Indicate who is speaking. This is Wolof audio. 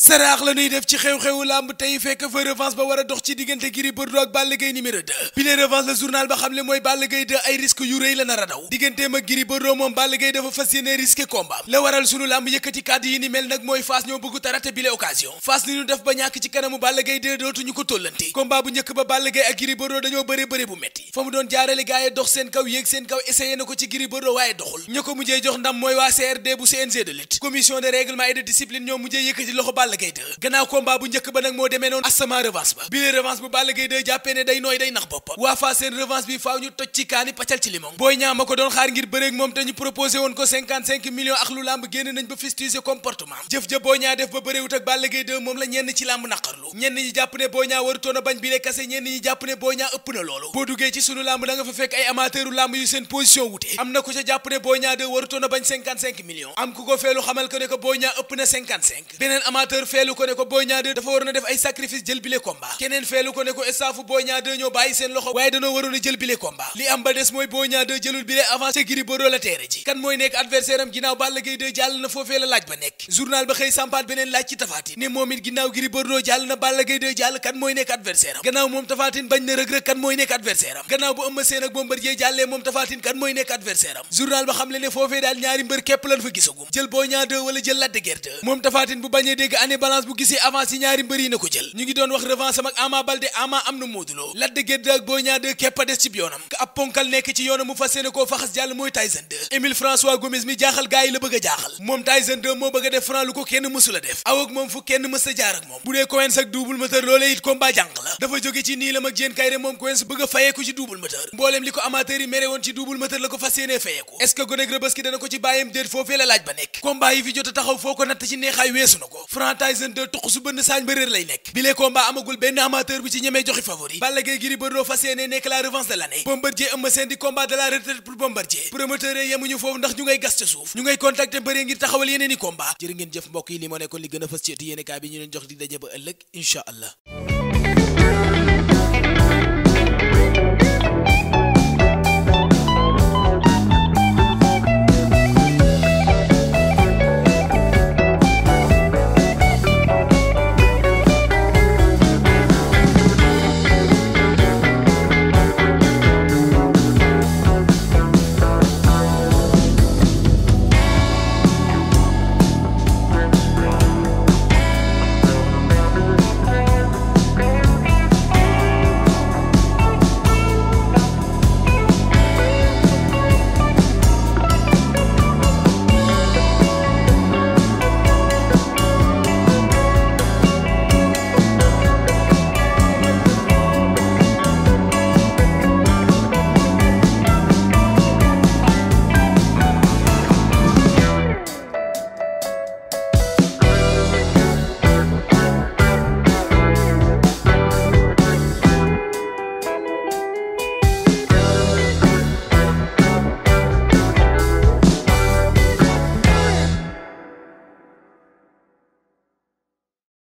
Speaker 1: saraax la ñuy def ci xew-xewu làmb tey fekk fa revanche ba war a dox ci diggante Gris Bordeaux ak Balla Gaye numéro 2 bi le la journal ba xam ne mooy Balla Gaye 2 ay risque yu rëy la nar a daw digganteem ak Gris Bordeaux moom Balla Gaye dafa fas yéene risqué combat la waral sunu làmb yëkkati kàddu yi ni mel nag mooy Fass ñoo bëggu tarate bi le occasion ni ñu def ba ñàkk ci kanamu Balla Gaye 2 dootuñu ko tóllanti combat bu njëkk ba Balla Gaye ak Gris Bordeaux gannaaw combat bu njëkk ba nag moo demee noonu asama revanche ba bile revanche bu Balla Gaye 2 jàppee ne day nooy day nax boppam waa seen revanche bi faaw ñu toj ci kaani paccal ci limon booy ñaa ma ko doon xaar ngir bëreeg moom te ñu proposé woon ko 55 millions ak lu làmb génn nañ ba fistuser comportement jëf ja booy ñaa def ba bëreewut ak Balla Gaye 2 moom la ñenn ci làmb naqarlu ñenn ñi jàpp ne booy ñaa warutoon bañ bile kase ñenn Modou feelu ko ne ko Boy dafa waroon def ay sacrifice jël bile combat keneen feelu ko ne ko staffu Boy jël bile combat li am ba des mooy Boy jëlul bile avance ca Gris la teere ji kan mooy nekk adversaire ginnaaw ba nekk journal beneen laaj ci Tapha ne moom it ginnaaw Gris Bordeaux jàll na Balla Gaye jàll kan mooy nekk adversaire gannaaw moom Tapha bañ na rëg-rëg kan mooy nekk adversaire gannaaw bu Eumeu Sène ak Bombardier jàllee année balance bu gisee avance yi ñaari mbër yi na ko jël ñu ngi doon wax revanche am ak Ama Baldé Ama am na Modou Lo Lac ak Boy Niang 2 kepp a des ci yoonam ka ponkal nekk ci yoonam mu fas yéene koo faxas jàll mooy Tyson 2 François Gomis mi jaaxal gaay la bëgg a jaaxal moom Tyson moo bëgg a def Franc lu ko kenn mësu def aw ak moom fu kenn mës a jaar ak moom bu dee Coen ak double moteur loolee it combat jàng la dafa jóge a a taxaw foo ko Jean Tyson 2 tuq su bënn saañ ba réer lay nekk bile combat amagul benn amateur bu ci ñemee joxe favori Balla Gaye Gris fas yéene nekk la revanche de l'année Bombardier Eumeu Sène di combat de pour Bombardier promoteur yi yemuñu foofu ndax ñu ngay gas ca suuf ñu ngay contacter ngir taxawal yeneen i combat ngeen jëf mbokk yi li moo li gën a fës ci yéene kaay bi ñu leen jox di daje ba ëllëg incha allah